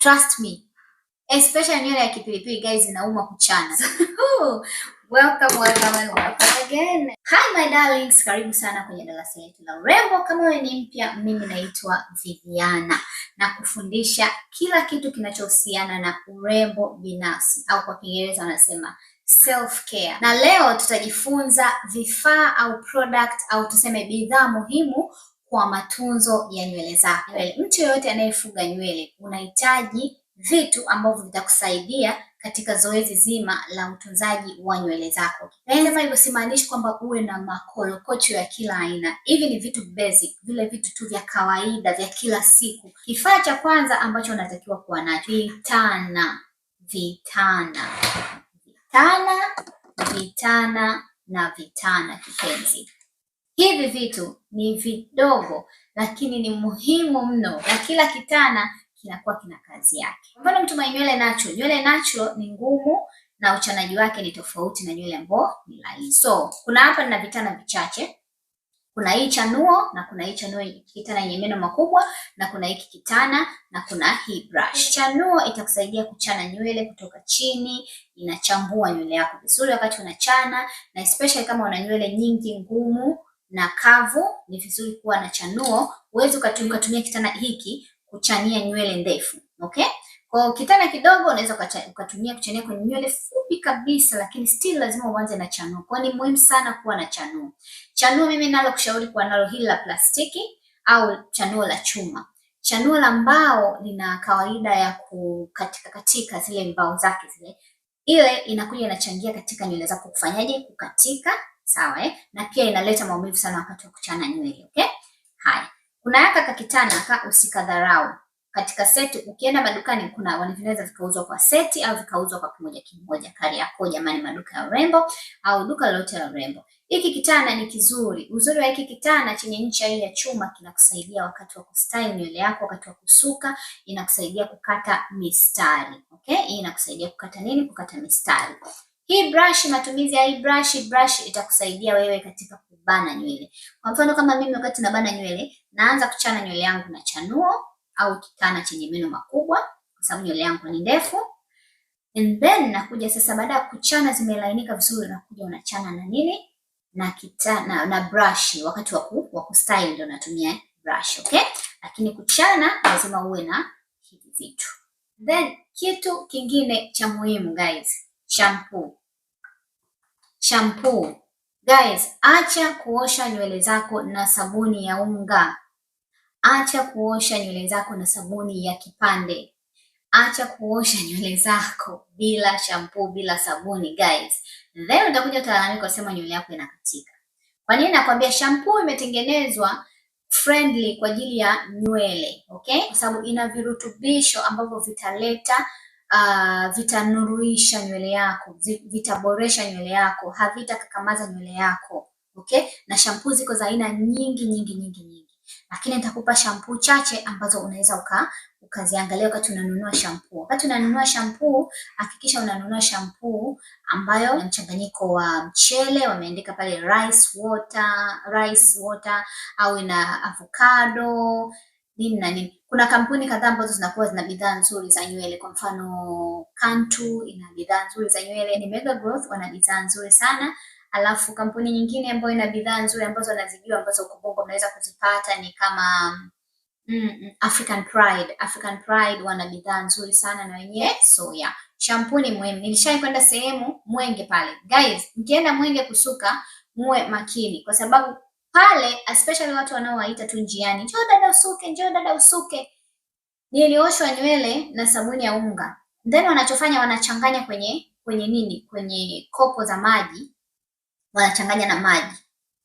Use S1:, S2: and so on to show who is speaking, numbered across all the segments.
S1: Trust me. Especially nywele ya kipilipili guys inauma kuchana. Oh, welcome, welcome, welcome again. Hi my darlings, karibu sana kwenye darasa letu la urembo. Kama wewe ni mpya, mimi naitwa Viviana na kufundisha kila kitu kinachohusiana na urembo binafsi au kwa Kiingereza wanasema self care. Na leo tutajifunza vifaa au product au tuseme bidhaa muhimu kwa matunzo ya nywele zako. Yaani, mtu yoyote anayefuga nywele unahitaji vitu ambavyo vitakusaidia katika zoezi zima la utunzaji wa nywele zako. Hivyo simaanishi kwamba uwe na makolokocho ya kila aina. Hivi ni vitu basic, vile vitu tu vya kawaida vya kila siku. Kifaa cha kwanza ambacho unatakiwa kuwa nacho vitana, vitana, vitana, vitana na vitana, kipenzi Hivi vitu ni vidogo, lakini ni muhimu mno, na kila kitana kinakuwa kina kazi yake. Kwa mfano mtu mwenye nywele natural, nywele natural ni ngumu na uchanaji wake ni tofauti na nywele ambao ni laini. So kuna hapa nina vitana vichache, kuna hii chanuo na kuna hii chanuo kitana yenye meno makubwa na kuna hiki kitana na kuna hii brush. Chanuo itakusaidia kuchana nywele kutoka chini, inachambua nywele yako vizuri wakati unachana, na especially kama una nywele nyingi ngumu na kavu, ni vizuri kuwa na chanuo. uweze ukatumia kitana hiki kuchania nywele ndefu okay? Kwa kitana kidogo unaweza ukatumia kuchania kwenye nywele fupi kabisa, lakini still lazima uanze na chanuo. Kwa ni muhimu sana kuwa na chanuo. Chanuo mimi nalo kushauri kuwa nalo hili la plastiki au chanuo la chuma. Chanuo la mbao lina kawaida ya kukatika katika zile mbao zake zile, ile inakuja inachangia katika nywele zako kufanyaje kukatika sawa eh? Na pia inaleta maumivu sana wakati wa kuchana nywele okay? Haya, kuna yaka kakitana ka usikadharau. Katika seti ukienda madukani kuna wanavyoeleza vikauzwa kwa seti au vikauzwa kwa kimoja kimoja. Kari yako jamani, maduka ya urembo au duka lolote la urembo. Hiki kitana ni kizuri. Uzuri wa hiki kitana chenye ncha hii ya chuma kinakusaidia wakati wa kustyle nywele yako, wakati wa kusuka, inakusaidia kukata mistari. Okay? Hii inakusaidia kukata nini? Kukata mistari. Hii brush, matumizi ya hii brush, brush itakusaidia wewe katika kubana nywele. Kwa mfano kama mimi wakati nabana nywele, naanza kuchana nywele yangu na chanuo au kitana chenye meno makubwa kwa sababu nywele yangu ni ndefu. And then nakuja sasa baada ya kuchana zimelainika vizuri na kuja unachana na nini? Na kitana na na brush wakati wa wa kustyle ndio natumia brush, okay? Lakini kuchana lazima uwe na hivi vitu. Then kitu kingine cha muhimu guys, shampoo shampoo. Guys, acha kuosha nywele zako na sabuni ya unga. Acha kuosha nywele zako na sabuni ya kipande. Acha kuosha nywele zako bila shampoo, bila sabuni guys, then utakuja utalalamika usema nywele yako inakatika. Kwa nini nakwambia? Shampoo imetengenezwa friendly kwa ajili ya nywele okay, kwa sababu ina virutubisho ambavyo vitaleta uh, ah, vitanuruisha nywele yako, vitaboresha nywele yako, havitakakamaza nywele yako okay. Na shampuu ziko za aina nyingi nyingi nyingi nyingi, lakini nitakupa shampuu chache ambazo unaweza uka ukaziangalia wakati unanunua shampuu. Wakati unanunua shampuu, hakikisha unanunua shampuu ambayo na mchanganyiko wa mchele, wameandika pale rice water, rice water au ina avocado nini na nini. Kuna kampuni kadhaa ambazo zinakuwa zina bidhaa nzuri za nywele, kwa mfano Kantu ina bidhaa nzuri za nywele, Mega Growth wana bidhaa nzuri sana. Alafu kampuni nyingine ambayo ina bidhaa nzuri ambazo wanazijua ambazo huko Bongo mnaweza kuzipata ni kama mm, mm, African Pride. African Pride wana bidhaa nzuri sana na wenyewe, so yeah. Shampoo ni muhimu. Nilishai kwenda sehemu Mwenge pale. Guys, mkienda Mwenge kusuka muwe makini kwa sababu pale, especially watu wanaowaita tu njiani, njoo dada usuke, njoo dada usuke, nilioshwa nywele na sabuni ya unga. Then wanachofanya wanachanganya kwenye kwenye nini, kwenye kopo za maji, wanachanganya na maji,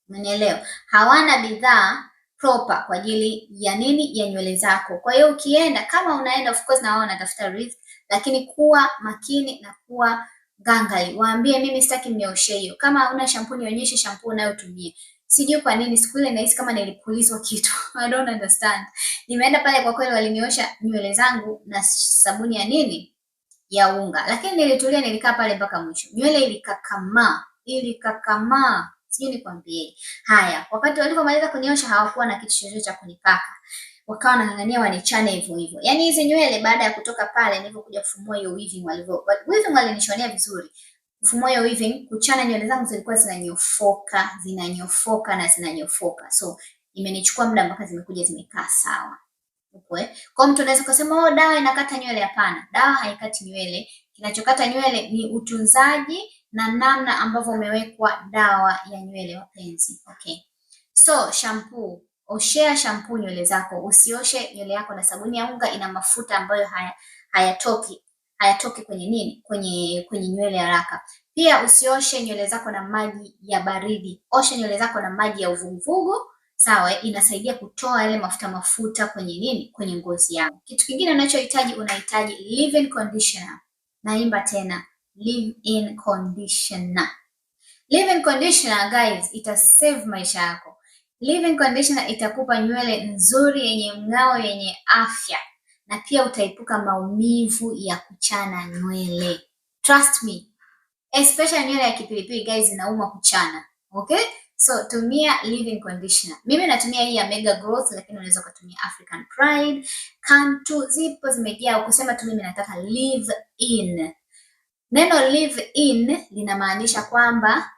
S1: umenielewa? Hawana bidhaa proper kwa ajili ya nini, ya nywele zako. Kwa hiyo ukienda, kama unaenda, of course, na wao wanatafuta risk, lakini kuwa makini na kuwa gangali, waambie mimi sitaki mnioshe hiyo. Kama una shampoo, nionyeshe shampoo unayotumia. Sijui kwa nini siku ile nahisi kama nilipulizwa kitu. I don't understand. Nimeenda pale kwa kweli waliniosha nywele zangu na sabuni ya nini? Ya unga. Lakini nilitulia nilikaa pale mpaka mwisho. Nywele ilikakamaa, ilikakamaa. Sijui nikwambie. Haya, wakati walipomaliza kuniosha hawakuwa na kitu chochote cha kunipaka. Wakawa wanang'ang'ania wanichane hivyo hivyo. Yaani hizi nywele baada ya kutoka pale nilipokuja kufumua hiyo weaving walivyo. Weaving walinishonea vizuri mfumo hiyo even kuchana nywele zangu zilikuwa zinanyofoka zinanyofoka na zinanyofoka, so imenichukua muda mpaka zimekuja zimekaa sawa. Okay. Kwa mtu anaweza kusema oh, dawa inakata nywele. Hapana, dawa haikati nywele. Kinachokata nywele ni utunzaji na namna ambavyo umewekwa dawa ya nywele, wapenzi. Okay. So shampoo, oshea shampoo nywele zako, usioshe nywele yako na sabuni ya unga, ina mafuta ambayo hayatoki hayatoke kwenye nini, kwenye kwenye nywele haraka. Pia usioshe nywele zako na maji ya baridi, osha nywele zako na maji ya uvuguvugu. Sawa, inasaidia kutoa yale mafuta mafuta kwenye nini, kwenye ngozi yako. Kitu kingine unachohitaji, unahitaji leave-in conditioner. Naimba tena leave-in conditioner. Leave-in conditioner guys, ita save maisha yako. Leave-in conditioner itakupa nywele nzuri yenye mng'ao yenye afya na pia utaepuka maumivu ya kuchana nywele. Trust me. Especially nywele ya kipilipili guys, inauma kuchana. Okay? So tumia leave-in conditioner. Mimi natumia hii ya Mega Growth lakini unaweza kutumia African Pride. Kantu zipo zimejaa, ukisema tu mimi nataka leave in. Neno leave in linamaanisha kwamba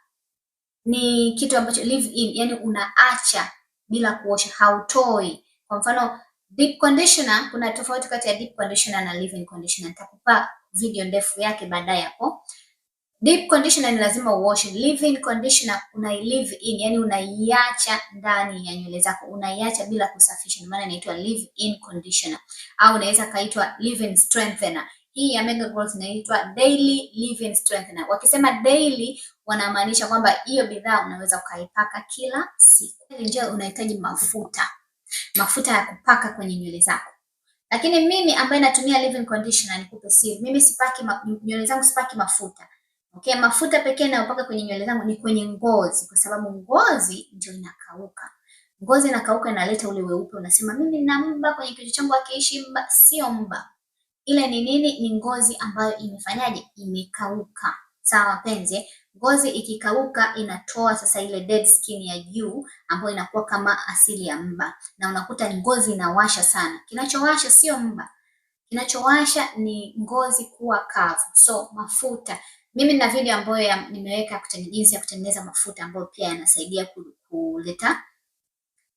S1: ni kitu ambacho leave in, yani unaacha bila kuosha, hautoi. Kwa mfano Deep conditioner, kuna tofauti kati ya deep conditioner na leave-in conditioner. Nitakupa video ndefu yake baadaye hapo. Deep conditioner ni lazima uoshe. Leave-in conditioner una leave in, yani unaiacha ndani ya nywele zako, unaiacha bila kusafisha, ndio maana inaitwa leave-in conditioner au unaweza kaitwa leave-in strengthener. Hii ya Mega Growth inaitwa daily leave-in strengthener. Wakisema daily wanamaanisha kwamba hiyo bidhaa unaweza ukaipaka kila siku. Njia unahitaji mafuta mafuta ya kupaka kwenye nywele zako. Lakini mimi ambaye natumia leave-in conditioner, nikupe siri, mimi sipaki nywele zangu, sipaki mafuta okay. Mafuta pekee nayopaka kwenye nywele zangu ni kwenye ngozi, kwa sababu ngozi ndio inakauka. Ngozi inakauka, inaleta ule weupe. Unasema mimi nina mba kwenye kichwa changu, akiishi mba. Sio mba, ile ni nini? Ni ngozi ambayo imefanyaje? Imekauka. Sawa wapenzi. Eh? Ngozi ikikauka inatoa sasa ile dead skin ya juu ambayo inakuwa kama asili ya mba, na unakuta ngozi inawasha sana. Kinachowasha sio mba, kinachowasha ni ngozi kuwa kavu. So mafuta, mimi na video ambayo nimeweka jinsi ya kutengeneza mafuta ambayo pia yanasaidia kuleta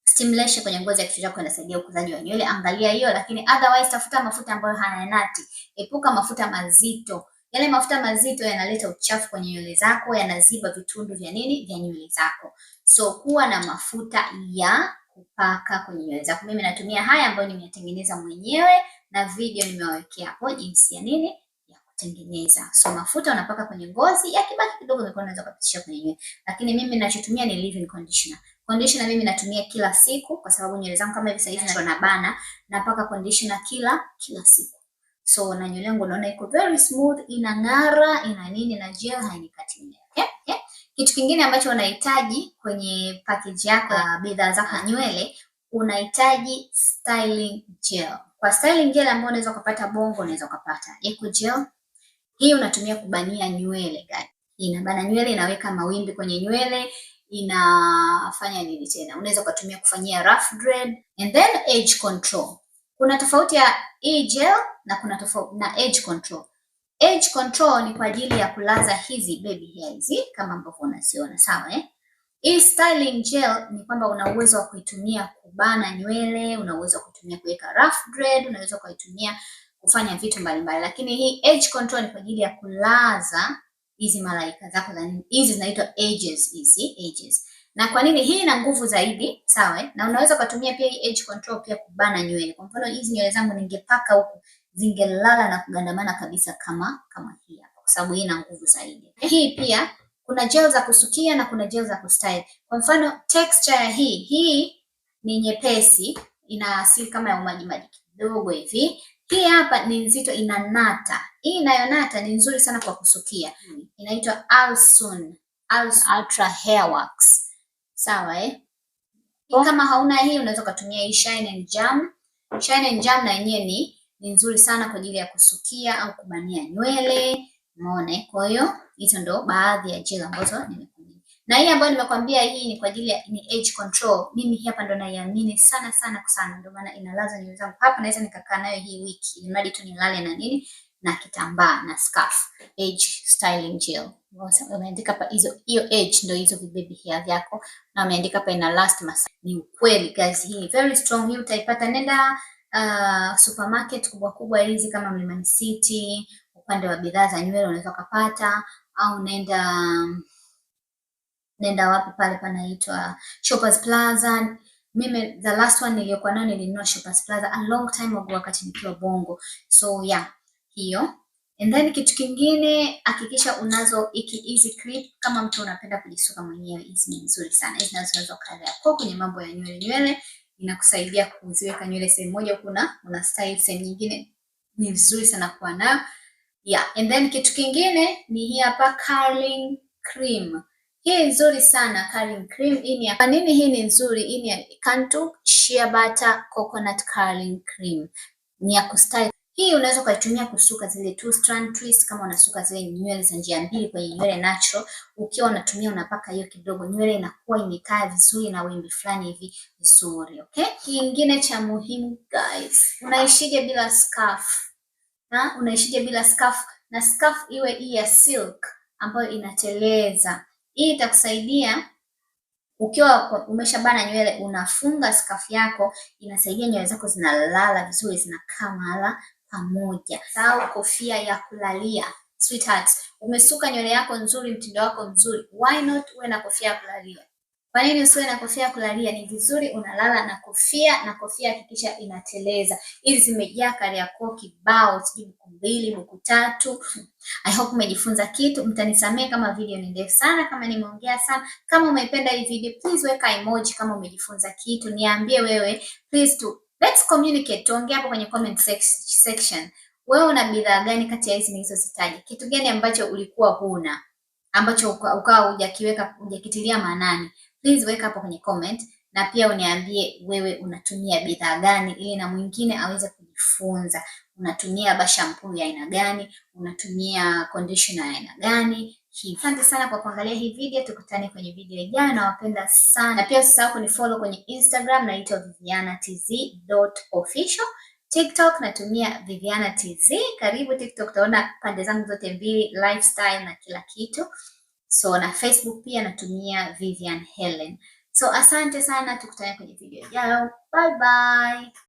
S1: stimulation kwenye ngozi ya kichwa chako, inasaidia ukuzaji wa nywele. Angalia hiyo, lakini otherwise tafuta mafuta ambayo hayana nati. Epuka mafuta mazito. Yale mafuta mazito yanaleta uchafu kwenye nywele zako, yanaziba vitundu vya nini, vya nywele zako. So kuwa na mafuta ya kupaka kwenye nywele zako. Mimi natumia haya ambayo nimeyatengeneza mwenyewe, na video nimewawekea hapo jinsi ya nini ya kutengeneza. So mafuta unapaka kwenye ngozi, yakibaki kidogo mikono unaweza kupitisha kwenye nywele, lakini mimi ninachotumia ni leave-in conditioner. Conditioner mimi natumia kila siku kwa sababu nywele zangu kama hivi sasa hivi na bana, napaka conditioner kila kila siku. So na nywele yangu unaona iko very smooth, inang'ara, ina nini na gel hainikati nywele. Yeah, yeah. Kitu kingine ambacho unahitaji kwenye package yako ya bidhaa za nywele unahitaji styling gel. Kwa styling gel ambayo unaweza kupata Bongo, unaweza kupata Eco Gel. Hii unatumia kubania nywele gani? Inabana nywele, inaweka mawimbi kwenye nywele, inafanya nini tena? Unaweza kutumia kufanyia rough dread and then age control. Kuna tofauti ya hii gel na kuna tofauti na edge control. Edge control ni kwa ajili ya kulaza hizi baby hair hizi kama ambavyo unaziona, sawa eh? Hii styling gel ni kwamba una uwezo wa kuitumia kubana nywele, una uwezo wa kuitumia kuweka rough dread, unaweza kuitumia kufanya vitu mbalimbali, lakini hii edge control ni kwa ajili ya kulaza hizi malaika zako za hizi zinaitwa edges, hizi edges. Na kwa nini hii ina nguvu zaidi, sawa? Eh? Na unaweza kutumia pia hii edge control pia kubana nywele. Kwa mfano hizi nywele zangu ningepaka huku, zingelala na kugandamana kabisa kama kama hii hapa, kwa sababu hii ina nguvu zaidi. Hii pia kuna gel za kusukia na kuna gel za kustyle. Kwa mfano texture ya hii hii ni nyepesi, ina asili kama ya umaji maji kidogo hivi. Hii hapa ni nzito, nata. Hii inayonata ni nzuri sana kwa kusukia, hmm. inaitwa Alsun Ultra Hair Wax, sawa eh? Oh. Kama hauna hii unaweza ukatumia hii Shine and Jam. Shine and Jam na yenyewe ni ni nzuri sana kwa ajili ya kusukia au kubania nywele, umeona. Kwa hiyo hizo ndo baadhi ya gel ambazo nimekuambia, na hii ambayo nimekuambia hii ni kwa ajili ya ni age control. Mimi hapa ndo naiamini sana sana sana, ndio maana inalaza nywele zangu hapa, naweza nikakaa nayo hii wiki, mradi tu nilale na nini na kitambaa na scarf. Age styling gel wameandika hapa, hizo hiyo age ndio hizo vibebi hair vyako, na wameandika hapa ina last masaa. Ni ukweli guys, hii very strong, hii utaipata, nenda uh, supermarket kubwa kubwa hizi kama Mlimani City, upande wa bidhaa za nywele unaweza ukapata, au nenda nenda wapi pale panaitwa Shoppers Plaza. Mimi the last one niliyokuwa nayo nilinunua Shoppers Plaza a long time ago wakati nikiwa Bongo, so yeah hiyo. And then kitu kingine hakikisha unazo iki easy clip kama mtu unapenda kujisuka mwenyewe, hizi ni nzuri sana, hizi nazo unaweza kwa kwenye mambo ya nywele nywele inakusaidia kuziweka nywele sehemu moja, kuna una style sehemu nyingine, ni vizuri sana kuwa nayo yeah. And then kitu kingine ni hii hapa curling cream. Hii nzuri sana curling cream. Hii ni kwa nini hii ni nzuri? Hii ni Kantu Shea Butter Coconut Curling Cream, ni ya kustyle hii unaweza ukaitumia kusuka zile two strand twist, kama unasuka zile nywele za njia mbili kwenye nywele natural, ukiwa unatumia unapaka hiyo kidogo, nywele inakuwa imekaa vizuri na wimbi fulani hivi vizuri. Okay, kingine cha muhimu guys, unaishije bila scarf Ha? unaishije bila scarf, na scarf iwe hii ya silk ambayo inateleza. Hii itakusaidia ukiwa umeshabana nywele unafunga scarf yako, inasaidia nywele zako zinalala vizuri, zinakaa mahala pamoja. Sahau kofia ya kulalia. Sweetheart, umesuka nywele yako nzuri, mtindo wako mzuri. Why not uwe na kofia ya kulalia? Kwa nini usiwe na kofia ya kulalia? Ni vizuri unalala na kofia, na kofia hakikisha inateleza. ili zimejaa Kariakoo kibao, sijui buku mbili, buku tatu. I hope umejifunza kitu. Mtanisamee kama video ni ndefu sana, kama nimeongea sana. Kama umependa hii video, please weka emoji kama umejifunza kitu. Niambie wewe, please tu Let's communicate, tuongee hapo kwenye comment section. Wewe una bidhaa gani kati ya hizi nilizozitaja? Kitu gani ambacho ulikuwa huna ambacho ukawa hujakiweka hujakitilia maanani? Please weka hapo kwenye comment, na pia uniambie wewe unatumia bidhaa gani, ili na mwingine aweze kujifunza unatumia ba shampoo ya aina gani, unatumia conditioner ya aina gani. Asante sana kwa kuangalia hii video, tukutane kwenye video ijayo. Nawapenda sana na pia usisahau kunifollow kwenye Instagram, naitwa Viviana TZ official. TikTok natumia Viviana TZ. Karibu TikTok, utaona pande zangu zote mbili, lifestyle na kila kitu. So na Facebook pia natumia Vivian Helen. So asante sana, tukutane kwenye video ijayo. Bye bye.